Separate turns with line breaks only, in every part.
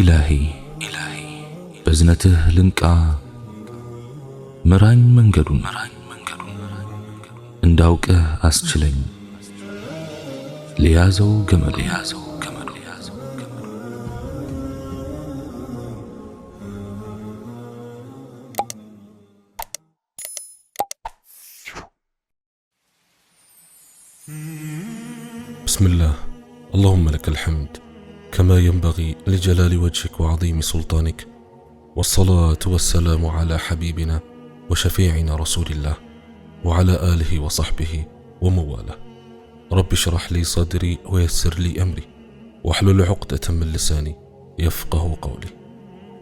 إلهي إلهي بزنته لنكا مران منجدو مران منجدو انداوك أسجلين ليازو جمل ليازو جمل ليازو جمل بسم الله اللهم لك الحمد كما ينبغي لجلال وجهك وعظيم سلطانك والصلاه والسلام على حبيبنا وشفيعنا رسول الله وعلى اله وصحبه ومواله رب اشرح لي صدري ويسر لي امري واحلل عقده من لساني يفقه قولي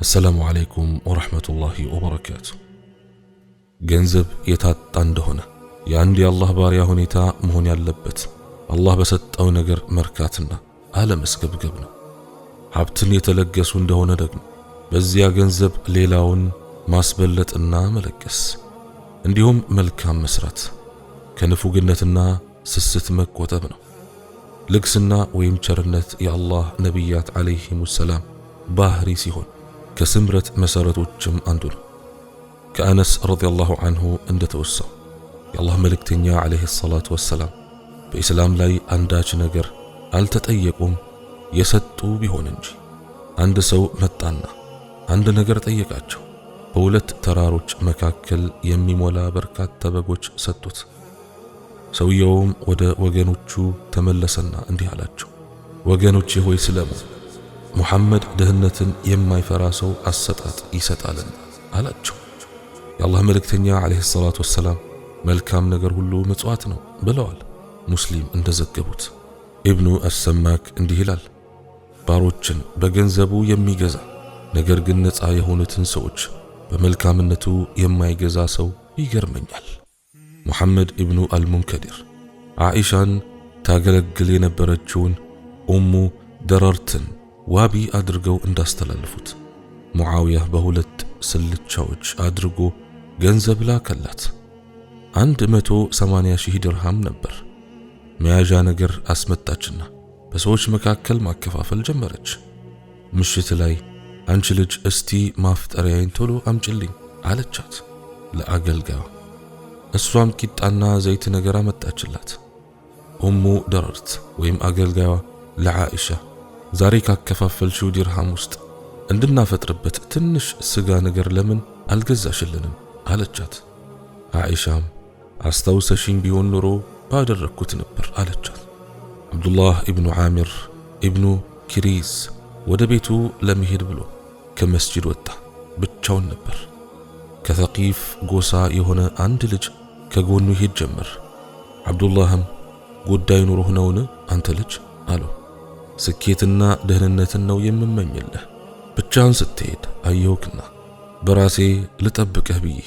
السلام عليكم ورحمه الله وبركاته ገንዘብ የታጣ እንደሆነ የአንድ የአላህ ባሪያ ሁኔታ መሆን ያለበት አላህ በሰጠው ነገር መርካትና አለመስገብገብ ነው። ሀብትን የተለገሱ እንደሆነ ደግሞ በዚያ ገንዘብ ሌላውን ማስበለጥና መለገስ እንዲሁም መልካም መስራት ከንፉግነትና ስስት መቆጠብ ነው። ልግስና ወይም ቸርነት የአላህ ነቢያት ዓለይሂሙ ሰላም ባህሪ ሲሆን ከስምረት መሠረቶችም አንዱ ነው። ከአነስ ረዲያላሁ አንሁ እንደተወሳው የአላህ መልእክተኛ ዓለይሂ ሰላቱ ወሰላም በኢስላም ላይ አንዳች ነገር አልተጠየቁም የሰጡ ቢሆን እንጂ። አንድ ሰው መጣና አንድ ነገር ጠየቃቸው። በሁለት ተራሮች መካከል የሚሞላ በርካታ በጎች ሰጡት። ሰውየውም ወደ ወገኖቹ ተመለሰና እንዲህ አላቸው፣ ወገኖቼ ሆይ ስለሙ፣ ሙሐመድ ድህነትን የማይፈራ ሰው አሰጣጥ ይሰጣልን አላቸው። የአላህ መልእክተኛ ዓለይሂ ሰላቱ ወሰላም መልካም ነገር ሁሉ ምጽዋት ነው ብለዋል። ሙስሊም እንደዘገቡት ኢብኑ አሰማክ እንዲህ ይላል ባሮችን በገንዘቡ የሚገዛ ነገር ግን ነፃ የሆኑትን ሰዎች በመልካምነቱ የማይገዛ ሰው ይገርመኛል። ሙሐመድ ኢብኑ አልሙንከዲር አኢሻን ታገለግል የነበረችውን ኡሙ ደረርትን ዋቢ አድርገው እንዳስተላልፉት ሙዓውያ በሁለት ስልቻዎች አድርጎ ገንዘብ ላከላት። አንድ መቶ ሰማንያ ሺህ ድርሃም ነበር። መያዣ ነገር አስመጣችና በሰዎች መካከል ማከፋፈል ጀመረች። ምሽት ላይ አንቺ ልጅ እስቲ ማፍጠሪያዬን ቶሎ አምጭልኝ አለቻት ለአገልጋዩ። እሷም ቂጣና ዘይት ነገር አመጣችላት። ኡሙ ደረርት ወይም አገልጋዩዋ ለዓኢሻ ዛሬ ካከፋፈልሽው ዲርሃም ውስጥ እንድናፈጥርበት ትንሽ ስጋ ነገር ለምን አልገዛሽልንም? አለቻት። አኢሻም አስታውሰሽኝ ቢሆን ኖሮ ባደረግኩት ነበር አለቻት። አብዱላህ ኢብኑ ዓሚር ኢብኑ ኪሪስ ወደ ቤቱ ለመሄድ ብሎ ከመስጂድ ወጣ። ብቻውን ነበር። ከተቂፍ ጎሳ የሆነ አንድ ልጅ ከጎኑ ይሄድ ጀመር። አብዱላህም ጉዳይ ኑሮህ ነውን አንተ ልጅ አለው። ስኬትና ደህንነትን ነው የምመኝልህ። ብቻህን ስትሄድ አየሁክና በራሴ ልጠብቅህ ብዬ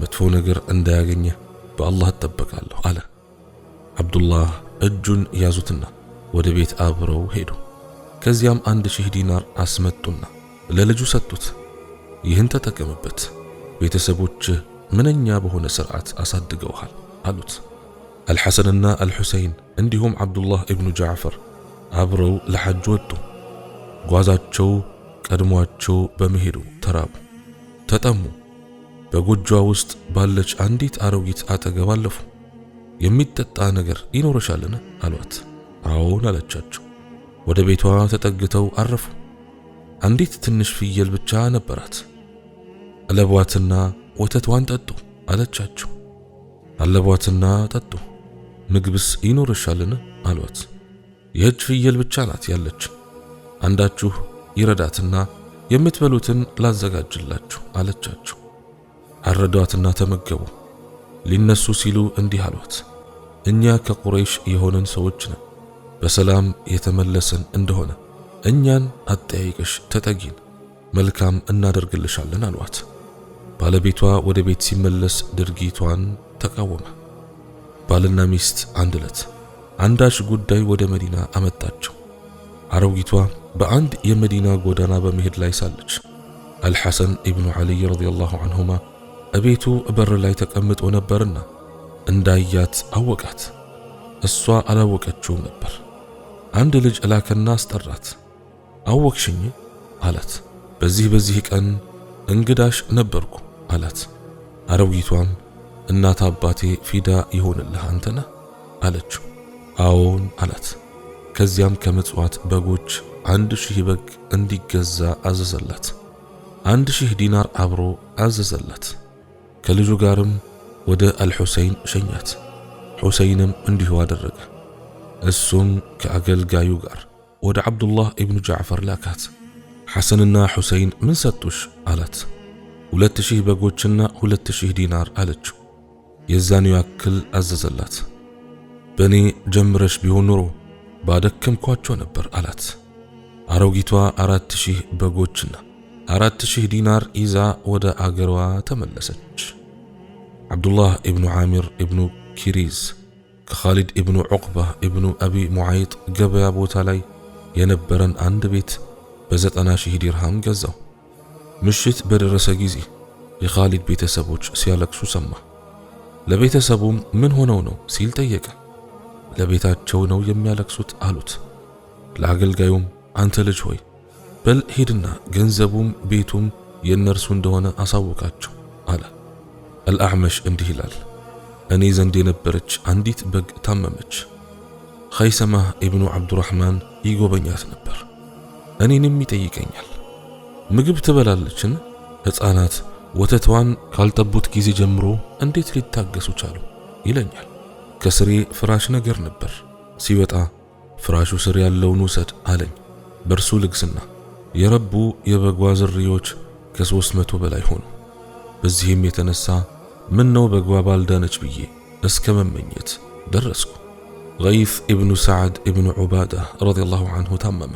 መጥፎ ነገር እንዳያገኘህ በአላህ እጠበቃለሁ አለ። አብዱላህ እጁን ያዙትና ወደ ቤት አብረው ሄዱ። ከዚያም አንድ ሺህ ዲናር አስመጡና ለልጁ ሰጡት። ይህን ተጠቀምበት፣ ቤተሰቦች ምንኛ በሆነ ሥርዓት አሳድገውሃል አሉት። አልሐሰንና አልሑሰይን እንዲሁም ዓብዱላህ እብኑ ጃዕፈር አብረው ለሐጅ ወጡ። ጓዛቸው ቀድሟቸው በመሄዱ ተራቡ፣ ተጠሙ። በጎጇ ውስጥ ባለች አንዲት አሮጊት አጠገብ አለፉ። የሚጠጣ ነገር ይኖረሻልን? አሏት። አዎን አለቻቸው። ወደ ቤቷ ተጠግተው አረፉ። አንዲት ትንሽ ፍየል ብቻ ነበራት። አለቧትና ወተቷን ጠጡ አለቻቸው። አለቧትና ጠጡ። ምግብስ ይኖርሻልን? አሏት። ይህች ፍየል ብቻ ናት ያለች፣ አንዳችሁ ይረዳትና የምትበሉትን ላዘጋጅላችሁ አለቻቸው። አረዷትና ተመገቡ። ሊነሱ ሲሉ እንዲህ አሏት። እኛ ከቁረይሽ የሆንን ሰዎች ነን፣ በሰላም የተመለሰን እንደሆነ እኛን አጠያይቅሽ ተጠጊን፣ መልካም እናደርግልሻለን አሏት። ባለቤቷ ወደ ቤት ሲመለስ ድርጊቷን ተቃወመ። ባልና ሚስት አንድ ዕለት አንዳች ጉዳይ ወደ መዲና አመጣቸው። አሮጊቷ በአንድ የመዲና ጎዳና በመሄድ ላይ ሳለች አልሐሰን ኢብኑ ዓልይ ረዲየላሁ አንሁማ እቤቱ በር ላይ ተቀምጦ ነበርና እንዳያት አወቃት። እሷ አላወቀችውም ነበር። አንድ ልጅ እላከና አስጠራት። አወቅሽኝ አላት። በዚህ በዚህ ቀን እንግዳሽ ነበርኩ አላት። አረዊቷም እናት አባቴ ፊዳ ይሆንልህ አንተና አለችው። አዎን አላት። ከዚያም ከምጽዋት በጎች አንድ ሺህ በግ እንዲገዛ አዘዘላት። አንድ ሺህ ዲናር አብሮ አዘዘላት። ከልጁ ጋርም ወደ አልሑሰይን ሸኛት። ሑሰይንም እንዲሁ አደረገ። እሱም ከአገልጋዩ ጋር ወደ ዓብዱላህ ኢብኑ ጃዕፈር ላካት። ሐሰንና ሑሰይን ምን ሰጡሽ አላት። ሁለት ሺህ በጎችና ሁለት ሺህ ዲናር አለችው። የዛን ያክል አዘዘላት። በእኔ ጀምረሽ ቢሆን ኑሮ ባደከምኳቸው ነበር አላት። አሮጊቷ አራት ሺህ በጎችና አራት ሺህ ዲናር ይዛ ወደ አገሯ ተመለሰች። ዓብዱላህ እብኑ ዓሚር እብኑ ኪሪዝ ከኻሊድ እብኑ ዑቅባ እብኑ አቢ ሙዓይጥ ገበያ ቦታ ላይ የነበረን አንድ ቤት በዘጠና ሺህ ዲርሃም ገዛው። ምሽት በደረሰ ጊዜ የኻሊድ ቤተሰቦች ሲያለቅሱ ሰማ። ለቤተሰቡም ምን ሆነው ነው ሲል ጠየቀ። ለቤታቸው ነው የሚያለቅሱት አሉት። ለአገልጋዩም አንተ ልጅ ሆይ በል ሂድና ገንዘቡም ቤቱም የእነርሱ እንደሆነ አሳውቃቸው አለ። አልአዕመሽ እንዲህ ይላል፣ እኔ ዘንድ የነበረች አንዲት በግ ታመመች። ኸይሰማ ኢብኑ ዓብዱራሕማን ይጎበኛት ነበር። እኔንም ይጠይቀኛል፣ ምግብ ትበላለችን? ሕፃናት ወተትዋን ካልጠቡት ጊዜ ጀምሮ እንዴት ሊታገሱ ቻሉ? ይለኛል። ከስሬ ፍራሽ ነገር ነበር። ሲወጣ ፍራሹ ስር ያለውን ውሰድ አለኝ። በእርሱ ልግስና የረቡ የበጓ ዝርዮች ከሦስት መቶ በላይ ሆኑ። በዚህም የተነሳ ምን ነው በግባ ባልዳነች ብዬ እስከ መመኘት ደረስኩ። ገይስ ኢብኑ ሰዓድ ኢብኑ ዑባዳ ረዲየላሁ አንሁ ታመመ።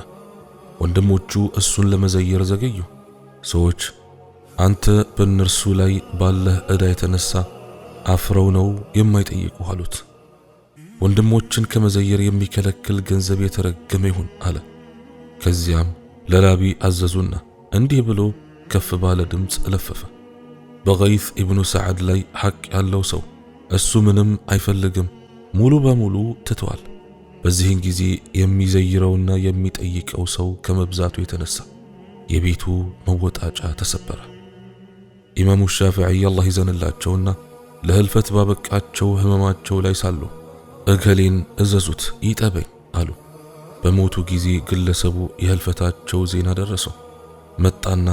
ወንድሞቹ እሱን ለመዘየር ዘገዩ። ሰዎች አንተ በእነርሱ ላይ ባለህ ዕዳ የተነሳ አፍረው ነው የማይጠይቁ አሉት። ወንድሞችን ከመዘየር የሚከለክል ገንዘብ የተረገመ ይሁን አለ። ከዚያም ለላቢ አዘዙና እንዲህ ብሎ ከፍ ባለ ድምፅ ለፈፈ። በገይፍ ኢብኑ ሰዓድ ላይ ሐቅ ያለው ሰው እሱ ምንም አይፈልግም፣ ሙሉ በሙሉ ትተዋል። በዚህን ጊዜ የሚዘይረውና የሚጠይቀው ሰው ከመብዛቱ የተነሳ የቤቱ መወጣጫ ተሰበረ። ኢማሙ ሻፊዒ አላህ ይዘንላቸውና ለህልፈት ባበቃቸው ህመማቸው ላይ ሳሉ እገሌን እዘዙት ይጠበኝ አሉ። በሞቱ ጊዜ ግለሰቡ የህልፈታቸው ዜና ደረሰው። መጣና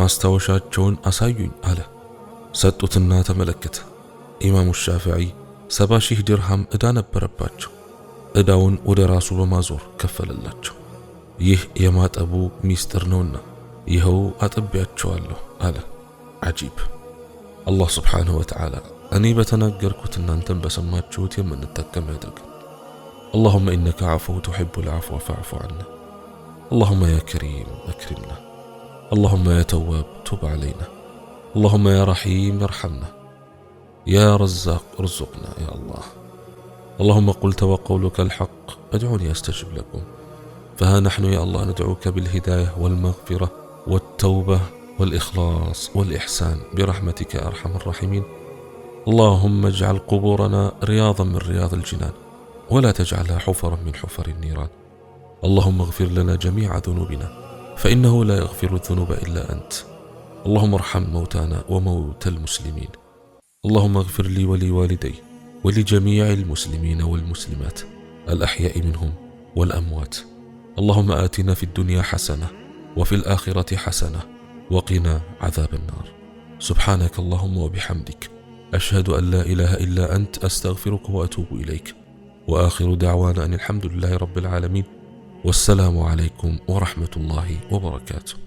ማስታወሻቸውን አሳዩኝ አለ። ሰጡትና ተመለከተ። ኢማሙ ሻፊዒ ሰባ ሺህ ድርሃም ዕዳ ነበረባቸው። ዕዳውን ወደ ራሱ በማዞር ከፈለላቸው። ይህ የማጠቡ ሚስጥር ነውና ይኸው አጥቢያቸዋለሁ አለ። አጂብ! አላህ ስብሓንሁ ወተዓላ እኔ በተናገርኩት እናንተን በሰማችሁት የምንጠቀም ያድርገን። አላሁመ ኢነከ ዓፉው ቱሒቡል ዓፍወ ፈዕፉ ዐና اللهم يا كريم أكرمنا اللهم يا تواب تب علينا اللهم يا رحيم ارحمنا يا رزاق ارزقنا يا الله اللهم قلت وقولك الحق ادعوني استجب لكم فها نحن يا الله ندعوك بالهدايه والمغفره والتوبه والاخلاص والاحسان برحمتك ارحم الراحمين اللهم اجعل قبورنا رياضا من رياض الجنان ولا تجعلها حفرا من حفر النيران اللهم اغفر لنا جميع ذنوبنا فانه لا يغفر الذنوب الا انت اللهم ارحم موتانا وموتى المسلمين اللهم اغفر لي ولوالدي ولجميع المسلمين والمسلمات الأحياء منهم والأموات اللهم آتنا في الدنيا حسنة وفي الآخرة حسنة وقنا عذاب النار سبحانك اللهم وبحمدك أشهد أن لا إله إلا أنت أستغفرك وأتوب إليك وآخر دعوانا أن الحمد لله رب العالمين والسلام عليكم ورحمة الله وبركاته